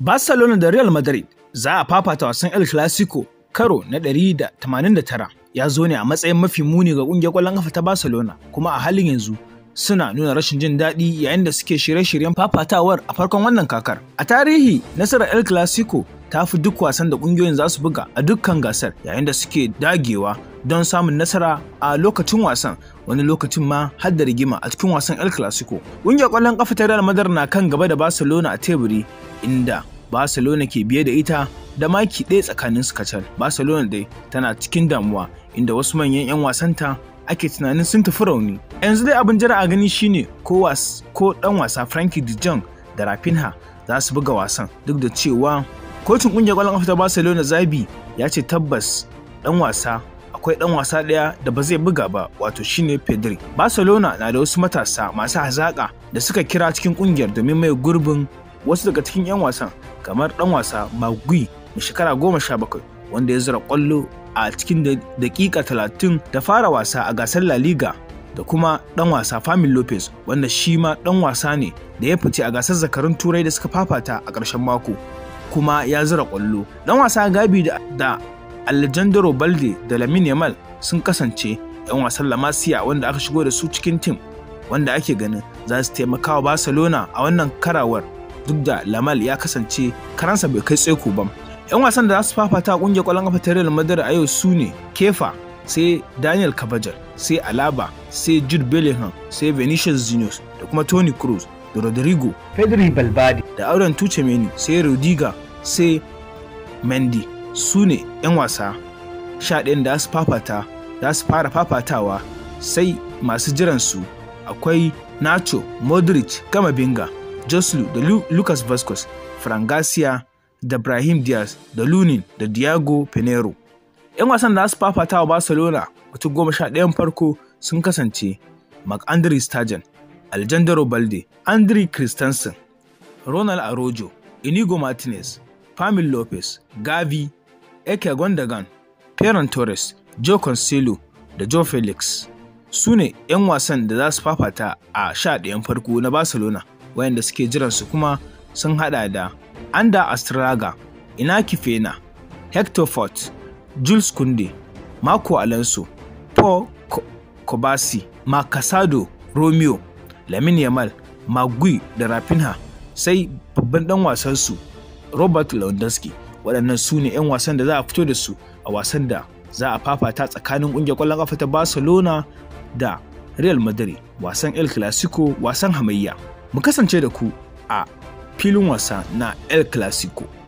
Barcelona da Real Madrid za a fafata wasan El Clasico karo na 189 ya zo ne a matsayin mafi muni ga ƙungiyar ƙwallon ƙafa ta Barcelona kuma a halin yanzu suna nuna rashin jin daɗi yayin da suke shirye-shiryen fafatawar a farkon wannan kakar. A tarihi nasarar El Clasico ta fi duk wasan da ƙungiyoyin za su buga a dukkan gasar yayin da suke dagewa don samun nasara a lokacin wasan wani lokacin ma har da rigima a cikin wasan El Clasico. Ƙungiyar ƙwallon ƙafa ta Real Madrid na kan gaba da Barcelona a teburi inda Barcelona ke biye da ita da maki ɗaya tsakanin su kacal. Barcelona dai tana cikin damuwa inda wasu manyan 'yan wasanta ake tunanin sun tafi rauni. Yanzu dai abin jira a gani shine ko ko ɗan wasa Frankie de Jong da Rafinha za su buga wasan duk da cewa kotun ƙungiyar ƙwallon ƙafa ta Barcelona Zabi ya ce tabbas ɗan wasa akwai ɗan wasa ɗaya da ba zai buga ba wato shine Pedri. Barcelona na da wasu matasa masu hazaƙa da suka kira cikin ƙungiyar domin mai gurbin wasu daga cikin 'yan wasan kamar dan wasa magui mai shekara goma sha bakwai wanda ya zura kwallo a cikin dakika talatin da fara wasa a gasar la liga da kuma dan wasa Famin Lopez wanda shi ma dan wasa ne da ya fice a gasar zakarun turai da suka fafata a ƙarshen mako kuma ya zura kwallo Dan wasa Gabi da, da Alejandro Balde da Lamin Yamal sun kasance 'yan wasan Lamasiya wanda aka shigo da su cikin tim wanda ake ganin za su taimaka wa Barcelona a wannan karawar duk da Lamal ya kasance karansa bai kai tsaiko ba. 'Yan wasan da za su fafata kungiyar kwallon kafa ta Real Madrid a yau su ne Kefa, sai Daniel Kabajal, sai Alaba, sai Jude Bellingham, sai Vinicius Juniors da kuma Toni Kroos da Rodrigo, Pedri Balbadi da Auren tuce Tuchemeni, sai Rodiga, sai Mendy su ne 'yan wasa sha ɗayan da su fafata za su fara fafatawa sai masu jiransu akwai Nacho, Modric, gama binga. Joslu da Lu Lucas Vasquez, Fran Garcia da Brahim Diaz da Lunin da Diago Pinero. 'Yan wasan da su fafata wa Barcelona mutum goma sha ɗayan farko sun kasance Mark Andre Sturgeon, Aljandro Balde, Andre Christensen, Ronald Arojo, Inigo Martinez, Pamil Lopez, Gavi, Eke Gondagan, Ferran Torres, Joe Cancelo da Joe Felix. Su ne 'yan wasan da za su fafata a sha ɗayan farko na Barcelona. wayanda suke jiransu kuma sun hada da Anda Astraga, ina Fena, Hector Fort, Jules Kunde, Marco Alonso, Paul Kobasi, Makasado, Romeo, Lamin Yamal, Magui da Rafinha sai babban dan wasansu Robert Lewandowski. Waɗannan su ne 'yan wasan da za a fito da su a wasan da za a fafata tsakanin ƙungiyar ƙwallon ƙafa ta Barcelona da Real Madrid wasan El Clasico wasan hamayya. mu kasance da ku a filin wasa na El Clasico.